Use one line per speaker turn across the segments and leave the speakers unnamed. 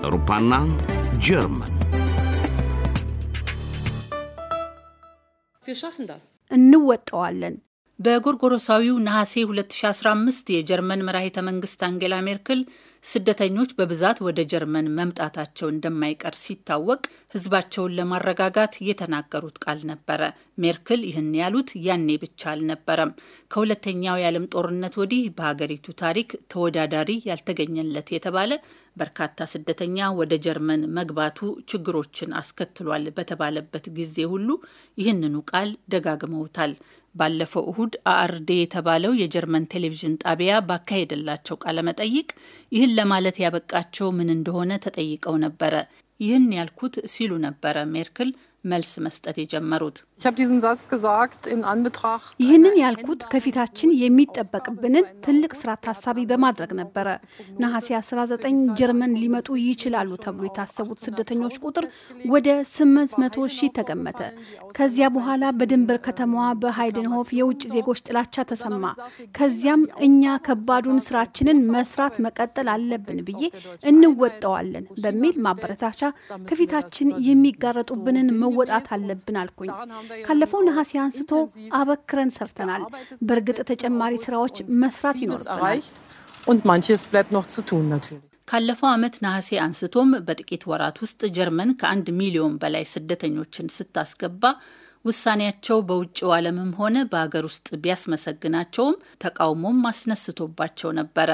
አውሮፓና ጀርመን
እንወጠዋለን። በጎርጎሮሳዊው ነሐሴ 2015 የጀርመን መራሂተ መንግሥት አንጌላ ሜርክል ስደተኞች በብዛት ወደ ጀርመን መምጣታቸው እንደማይቀር ሲታወቅ ህዝባቸውን ለማረጋጋት የተናገሩት ቃል ነበረ። ሜርክል ይህን ያሉት ያኔ ብቻ አልነበረም። ከሁለተኛው የዓለም ጦርነት ወዲህ በሀገሪቱ ታሪክ ተወዳዳሪ ያልተገኘለት የተባለ በርካታ ስደተኛ ወደ ጀርመን መግባቱ ችግሮችን አስከትሏል በተባለበት ጊዜ ሁሉ ይህንኑ ቃል ደጋግመውታል። ባለፈው እሁድ አአርዴ የተባለው የጀርመን ቴሌቪዥን ጣቢያ ባካሄደላቸው ቃለመጠይቅ ይህ ይህን ለማለት ያበቃቸው ምን እንደሆነ ተጠይቀው ነበረ። ይህን ያልኩት ሲሉ ነበረ ሜርክል መልስ መስጠት የጀመሩት።
ይህንን ያልኩት ከፊታችን የሚጠበቅብንን ትልቅ ስራ ታሳቢ በማድረግ ነበረ። ነሐሴ 19 ጀርመን ሊመጡ ይችላሉ ተብሎ የታሰቡት ስደተኞች ቁጥር ወደ 800 ሺህ ተገመተ። ከዚያ በኋላ በድንበር ከተማዋ በሃይደንሆፍ የውጭ ዜጎች ጥላቻ ተሰማ። ከዚያም እኛ ከባዱን ስራችንን መስራት መቀጠል አለብን ብዬ እንወጣዋለን በሚል ማበረታቻ ከፊታችን የሚጋረጡብንን መወጣት አለብን አልኩኝ። ካለፈው ነሐሴ አንስቶ አበክረን ሰርተናል። በእርግጥ ተጨማሪ ስራዎች መስራት ይኖርብናል።
ካለፈው ዓመት ነሐሴ አንስቶም በጥቂት ወራት ውስጥ ጀርመን ከአንድ ሚሊዮን በላይ ስደተኞችን ስታስገባ ውሳኔያቸው በውጭው ዓለምም ሆነ በሀገር ውስጥ ቢያስመሰግናቸውም ተቃውሞም አስነስቶባቸው ነበረ።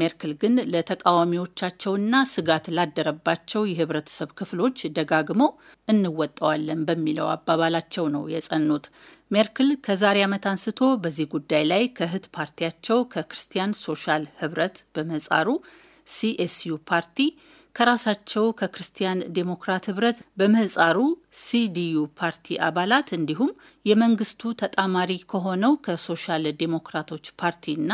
ሜርክል ግን ለተቃዋሚዎቻቸውና ስጋት ላደረባቸው የህብረተሰብ ክፍሎች ደጋግመው እንወጣዋለን በሚለው አባባላቸው ነው የጸኑት። ሜርክል ከዛሬ ዓመት አንስቶ በዚህ ጉዳይ ላይ ከእህት ፓርቲያቸው ከክርስቲያን ሶሻል ህብረት በመጻሩ ሲኤስዩ ፓርቲ ከራሳቸው ከክርስቲያን ዴሞክራት ህብረት በምህፃሩ ሲዲዩ ፓርቲ አባላት እንዲሁም የመንግስቱ ተጣማሪ ከሆነው ከሶሻል ዴሞክራቶች ፓርቲና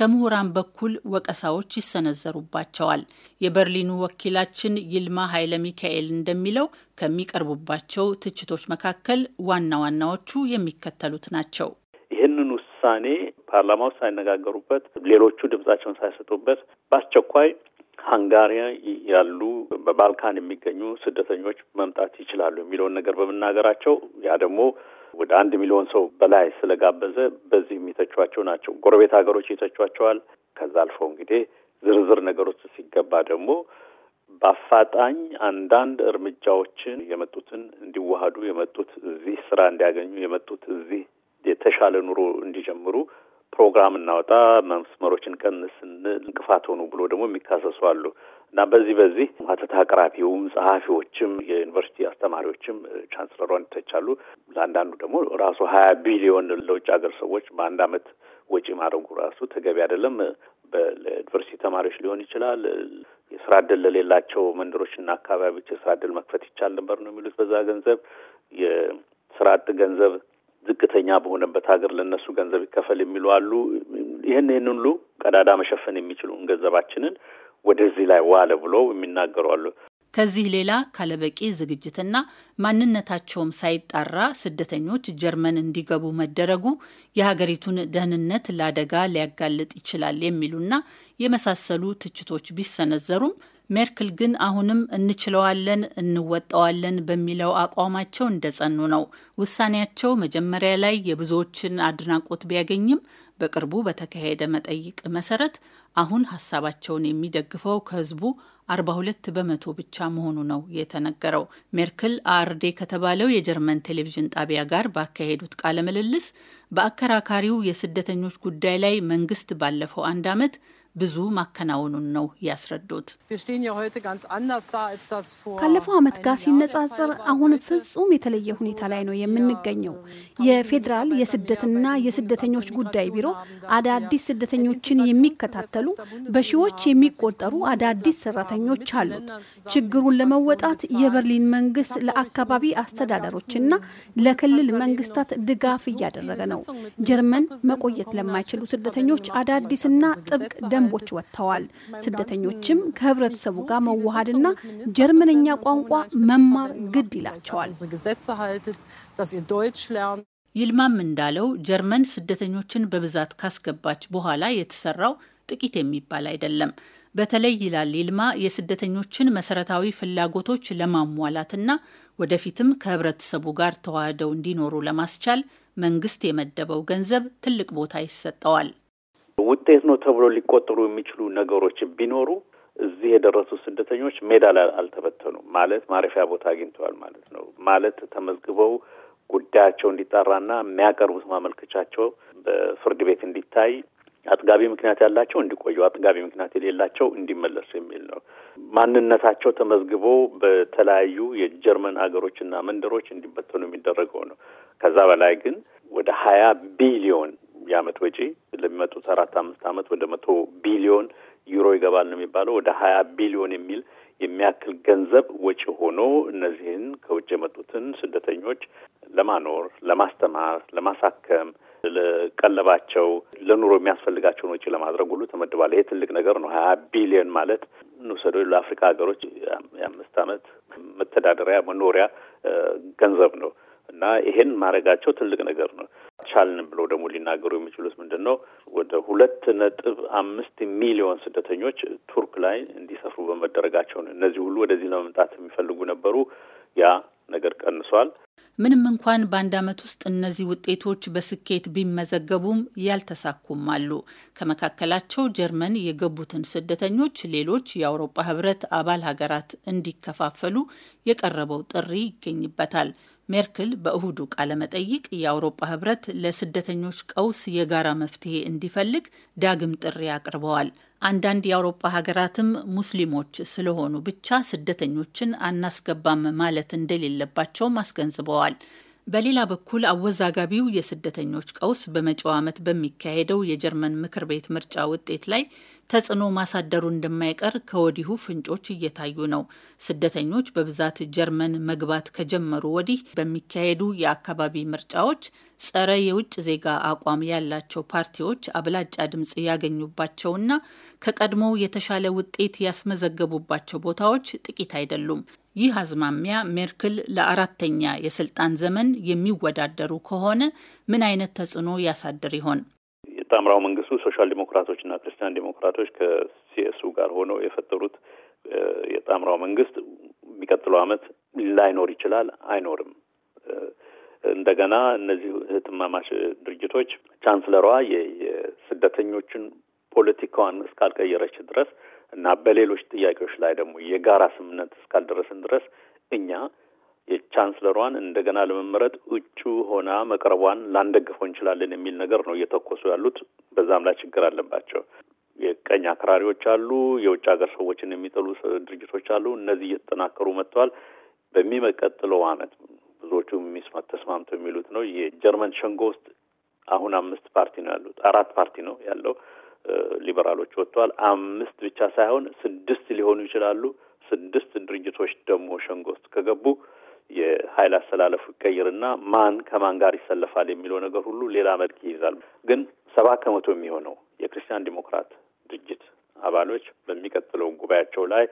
ከምሁራን በኩል ወቀሳዎች ይሰነዘሩባቸዋል። የበርሊኑ ወኪላችን ይልማ ኃይለ ሚካኤል እንደሚለው ከሚቀርቡባቸው ትችቶች መካከል ዋና ዋናዎቹ የሚከተሉት ናቸው።
ውሳኔ ፓርላማ ውስጥ ሳይነጋገሩበት ሌሎቹ ድምጻቸውን ሳይሰጡበት በአስቸኳይ ሃንጋሪያ ያሉ በባልካን የሚገኙ ስደተኞች መምጣት ይችላሉ የሚለውን ነገር በመናገራቸው ያ ደግሞ ወደ አንድ ሚሊዮን ሰው በላይ ስለጋበዘ በዚህ የሚተቿቸው ናቸው። ጎረቤት ሀገሮች ይተቿቸዋል። ከዛ አልፎ እንግዲህ ዝርዝር ነገሮች ሲገባ ደግሞ በአፋጣኝ አንዳንድ እርምጃዎችን የመጡትን እንዲዋሃዱ የመጡት እዚህ ስራ እንዲያገኙ የመጡት እዚህ የተሻለ ኑሮ እንዲጀምሩ ፕሮግራም እናወጣ፣ መስመሮችን ቀንስ፣ እንቅፋት ሆኑ ብሎ ደግሞ የሚካሰሱ አሉ እና በዚህ በዚህ ሀተታ አቅራቢውም ጸሐፊዎችም የዩኒቨርሲቲ አስተማሪዎችም ቻንስለሯን ይተቻሉ። ለአንዳንዱ ደግሞ ራሱ ሀያ ቢሊዮን ለውጭ ሀገር ሰዎች በአንድ አመት ወጪ ማድረጉ ራሱ ተገቢ አይደለም። ለዩኒቨርሲቲ ተማሪዎች ሊሆን ይችላል። የስራ እድል ለሌላቸው መንደሮችና አካባቢዎች የስራ እድል መክፈት ይቻል ነበር ነው የሚሉት። በዛ ገንዘብ የስራ አጥ ገንዘብ ዝቅተኛ በሆነበት ሀገር ለእነሱ ገንዘብ ይከፈል የሚሉ አሉ። ይህን ይህን ሁሉ ቀዳዳ መሸፈን የሚችሉን ገንዘባችንን ወደዚህ ላይ ዋለ ብሎ የሚናገሩ አሉ።
ከዚህ ሌላ ካለበቂ ዝግጅትና ማንነታቸውም ሳይጣራ ስደተኞች ጀርመን እንዲገቡ መደረጉ የሀገሪቱን ደህንነት ለአደጋ ሊያጋልጥ ይችላል የሚሉና የመሳሰሉ ትችቶች ቢሰነዘሩም ሜርክል ግን አሁንም እንችለዋለን፣ እንወጣዋለን በሚለው አቋማቸው እንደጸኑ ነው። ውሳኔያቸው መጀመሪያ ላይ የብዙዎችን አድናቆት ቢያገኝም በቅርቡ በተካሄደ መጠይቅ መሰረት አሁን ሀሳባቸውን የሚደግፈው ከህዝቡ 42 በመቶ ብቻ መሆኑ ነው የተነገረው። ሜርክል አርዴ ከተባለው የጀርመን ቴሌቪዥን ጣቢያ ጋር ባካሄዱት ቃለ ምልልስ በአከራካሪው የስደተኞች ጉዳይ ላይ መንግስት ባለፈው አንድ ዓመት ብዙ ማከናወኑን ነው ያስረዱት።
ካለፈው ዓመት ጋር ሲነጻጸር አሁን ፍጹም የተለየ ሁኔታ ላይ ነው የምንገኘው። የፌዴራል የስደትና የስደተኞች ጉዳይ ቢሮ አዳዲስ ስደተኞችን የሚከታተሉ በሺዎች የሚቆጠሩ አዳዲስ ሰራተኞች አሉት። ችግሩን ለመወጣት የበርሊን መንግስት ለአካባቢ አስተዳደሮችና ለክልል መንግስታት ድጋፍ እያደረገ ነው። ጀርመን መቆየት ለማይችሉ ስደተኞች አዳዲስና ጥብቅ ደ ደንቦች ወጥተዋል። ስደተኞችም ከህብረተሰቡ ጋር መዋሃድና ጀርመንኛ ቋንቋ መማር ግድ ይላቸዋል።
ይልማም እንዳለው ጀርመን ስደተኞችን በብዛት ካስገባች በኋላ የተሰራው ጥቂት የሚባል አይደለም። በተለይ ይላል ይልማ የስደተኞችን መሰረታዊ ፍላጎቶች ለማሟላትና ወደፊትም ከህብረተሰቡ ጋር ተዋህደው እንዲኖሩ ለማስቻል መንግስት የመደበው ገንዘብ ትልቅ ቦታ ይሰጠዋል።
ውጤት ነው ተብሎ ሊቆጠሩ የሚችሉ ነገሮች ቢኖሩ እዚህ የደረሱ ስደተኞች ሜዳ ላይ አልተበተኑም ማለት ማረፊያ ቦታ አግኝተዋል ማለት ነው። ማለት ተመዝግበው ጉዳያቸው እንዲጠራና የሚያቀርቡት ማመልከቻቸው በፍርድ ቤት እንዲታይ አጥጋቢ ምክንያት ያላቸው እንዲቆዩ፣ አጥጋቢ ምክንያት የሌላቸው እንዲመለሱ የሚል ነው። ማንነታቸው ተመዝግቦ በተለያዩ የጀርመን አገሮችና መንደሮች እንዲበተኑ የሚደረገው ነው። ከዛ በላይ ግን ወደ ሀያ ቢሊዮን የአመት ወጪ ለሚመጡት አራት አምስት አመት ወደ መቶ ቢሊዮን ዩሮ ይገባል ነው የሚባለው። ወደ ሀያ ቢሊዮን የሚል የሚያክል ገንዘብ ወጪ ሆኖ እነዚህን ከውጭ የመጡትን ስደተኞች ለማኖር፣ ለማስተማር፣ ለማሳከም ለቀለባቸው ለኑሮ የሚያስፈልጋቸውን ወጪ ለማድረግ ሁሉ ተመድቧል። ይሄ ትልቅ ነገር ነው። ሀያ ቢሊዮን ማለት ንውሰዶ ለአፍሪካ ሀገሮች የአምስት አመት መተዳደሪያ መኖሪያ ገንዘብ ነው እና ይሄን ማድረጋቸው ትልቅ ነገር ነው። አልቻልንም ብሎ ደግሞ ሊናገሩ የሚችሉት ምንድን ነው? ወደ ሁለት ነጥብ አምስት ሚሊዮን ስደተኞች ቱርክ ላይ እንዲሰፍሩ በመደረጋቸው ነው። እነዚህ ሁሉ ወደዚህ ለመምጣት የሚፈልጉ ነበሩ። ያ ነገር ቀንሷል።
ምንም እንኳን በአንድ ዓመት ውስጥ እነዚህ ውጤቶች በስኬት ቢመዘገቡም ያልተሳኩም አሉ። ከመካከላቸው ጀርመን የገቡትን ስደተኞች ሌሎች የአውሮፓ ህብረት አባል ሀገራት እንዲከፋፈሉ የቀረበው ጥሪ ይገኝበታል። ሜርክል በእሁዱ ቃለመጠይቅ የአውሮፓ ህብረት ለስደተኞች ቀውስ የጋራ መፍትሄ እንዲፈልግ ዳግም ጥሪ አቅርበዋል። አንዳንድ የአውሮፓ ሀገራትም ሙስሊሞች ስለሆኑ ብቻ ስደተኞችን አናስገባም ማለት እንደሌለባቸውም አስገንዝበዋል። አሳስበዋል። በሌላ በኩል አወዛጋቢው የስደተኞች ቀውስ በመጪው ዓመት በሚካሄደው የጀርመን ምክር ቤት ምርጫ ውጤት ላይ ተጽዕኖ ማሳደሩ እንደማይቀር ከወዲሁ ፍንጮች እየታዩ ነው። ስደተኞች በብዛት ጀርመን መግባት ከጀመሩ ወዲህ በሚካሄዱ የአካባቢ ምርጫዎች ጸረ የውጭ ዜጋ አቋም ያላቸው ፓርቲዎች አብላጫ ድምፅ ያገኙባቸውና ከቀድሞው የተሻለ ውጤት ያስመዘገቡባቸው ቦታዎች ጥቂት አይደሉም። ይህ አዝማሚያ ሜርክል ለአራተኛ የስልጣን ዘመን የሚወዳደሩ ከሆነ ምን አይነት ተጽዕኖ ያሳድር ይሆን?
ጣምራው መንግስቱ ሶሻል ዲሞክራቶች እና ክርስቲያን ዲሞክራቶች ከሲኤሱ ጋር ሆነው የፈጠሩት የጣምራው መንግስት የሚቀጥለው ዓመት ላይኖር ይችላል፣ አይኖርም። እንደገና እነዚህ እህትማማች ድርጅቶች ቻንስለሯ የስደተኞችን ፖለቲካዋን እስካልቀየረች ድረስ እና በሌሎች ጥያቄዎች ላይ ደግሞ የጋራ ስምምነት እስካልደረስን ድረስ እኛ የቻንስለሯን እንደገና ለመመረጥ እጩ ሆና መቅረቧን ላንደግፈው እንችላለን የሚል ነገር ነው እየተኮሱ ያሉት። በዛም ላይ ችግር አለባቸው። የቀኝ አክራሪዎች አሉ፣ የውጭ ሀገር ሰዎችን የሚጠሉ ድርጅቶች አሉ። እነዚህ እየተጠናከሩ መጥተዋል። በሚመቀጥለው ዓመት ብዙዎቹ የሚስማት ተስማምተው የሚሉት ነው። የጀርመን ሸንጎ ውስጥ አሁን አምስት ፓርቲ ነው ያሉት፣ አራት ፓርቲ ነው ያለው። ሊበራሎች ወጥተዋል። አምስት ብቻ ሳይሆን ስድስት ሊሆኑ ይችላሉ። ስድስት ድርጅቶች ደግሞ ሸንጎ ውስጥ ከገቡ የኃይል አስተላለፉ ይቀይርና ማን ከማን ጋር ይሰለፋል የሚለው ነገር ሁሉ ሌላ መልክ ይይዛል። ግን ሰባ ከመቶ የሚሆነው የክርስቲያን ዲሞክራት ድርጅት አባሎች በሚቀጥለው ጉባኤያቸው ላይ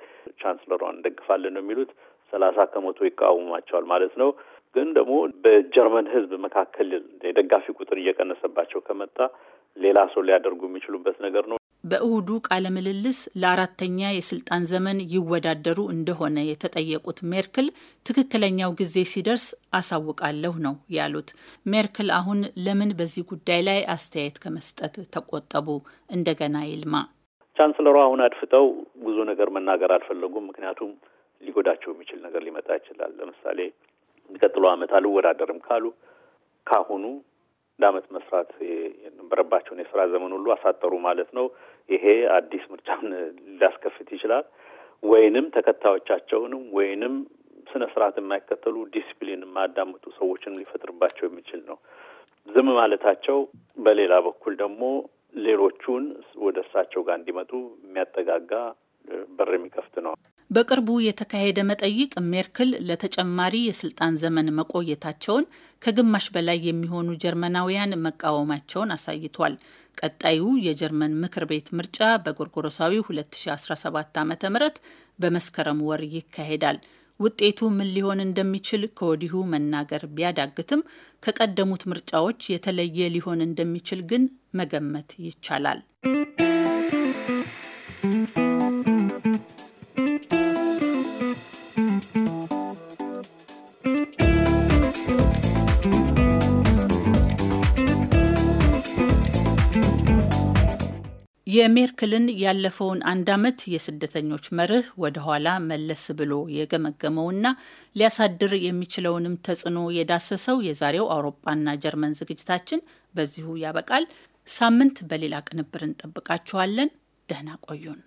ቻንስለሯን እንደግፋለን ነው የሚሉት። ሰላሳ ከመቶ ይቃወሟቸዋል ማለት ነው። ግን ደግሞ በጀርመን ህዝብ መካከል የደጋፊ ቁጥር እየቀነሰባቸው ከመጣ ሌላ ሰው ሊያደርጉ የሚችሉበት ነገር ነው።
በእሁዱ ቃለ ምልልስ ለአራተኛ የስልጣን ዘመን ይወዳደሩ እንደሆነ የተጠየቁት ሜርክል ትክክለኛው ጊዜ ሲደርስ አሳውቃለሁ ነው ያሉት። ሜርክል አሁን ለምን በዚህ ጉዳይ ላይ አስተያየት ከመስጠት ተቆጠቡ? እንደገና ይልማ
ቻንስለሯ አሁን አድፍጠው ብዙ ነገር መናገር አልፈለጉም። ምክንያቱም ሊጎዳቸው የሚችል ነገር ሊመጣ ይችላል። ለምሳሌ የሚቀጥለው ዓመት አልወዳደርም ካሉ ካሁኑ ለአመት መስራት የነበረባቸውን የስራ ዘመን ሁሉ አሳጠሩ ማለት ነው። ይሄ አዲስ ምርጫን ሊያስከፍት ይችላል። ወይንም ተከታዮቻቸውንም ወይንም ስነ ስርዓት የማይከተሉ ዲስፕሊን የማያዳምጡ ሰዎችን ሊፈጥርባቸው የሚችል ነው። ዝም ማለታቸው በሌላ በኩል ደግሞ ሌሎቹን ወደ እሳቸው ጋር እንዲመጡ የሚያጠጋጋ በር የሚከፍት ነው።
በቅርቡ የተካሄደ መጠይቅ ሜርክል ለተጨማሪ የስልጣን ዘመን መቆየታቸውን ከግማሽ በላይ የሚሆኑ ጀርመናውያን መቃወማቸውን አሳይቷል። ቀጣዩ የጀርመን ምክር ቤት ምርጫ በጎርጎሮሳዊ 2017 ዓ ም በመስከረም ወር ይካሄዳል። ውጤቱ ምን ሊሆን እንደሚችል ከወዲሁ መናገር ቢያዳግትም ከቀደሙት ምርጫዎች የተለየ ሊሆን እንደሚችል ግን መገመት ይቻላል። የሜርክልን ያለፈውን አንድ ዓመት የስደተኞች መርህ ወደ ኋላ መለስ ብሎ የገመገመውና ሊያሳድር የሚችለውንም ተጽዕኖ የዳሰሰው የዛሬው አውሮፓና ጀርመን ዝግጅታችን በዚሁ ያበቃል። ሳምንት በሌላ ቅንብር እንጠብቃችኋለን። ደህና ቆዩን።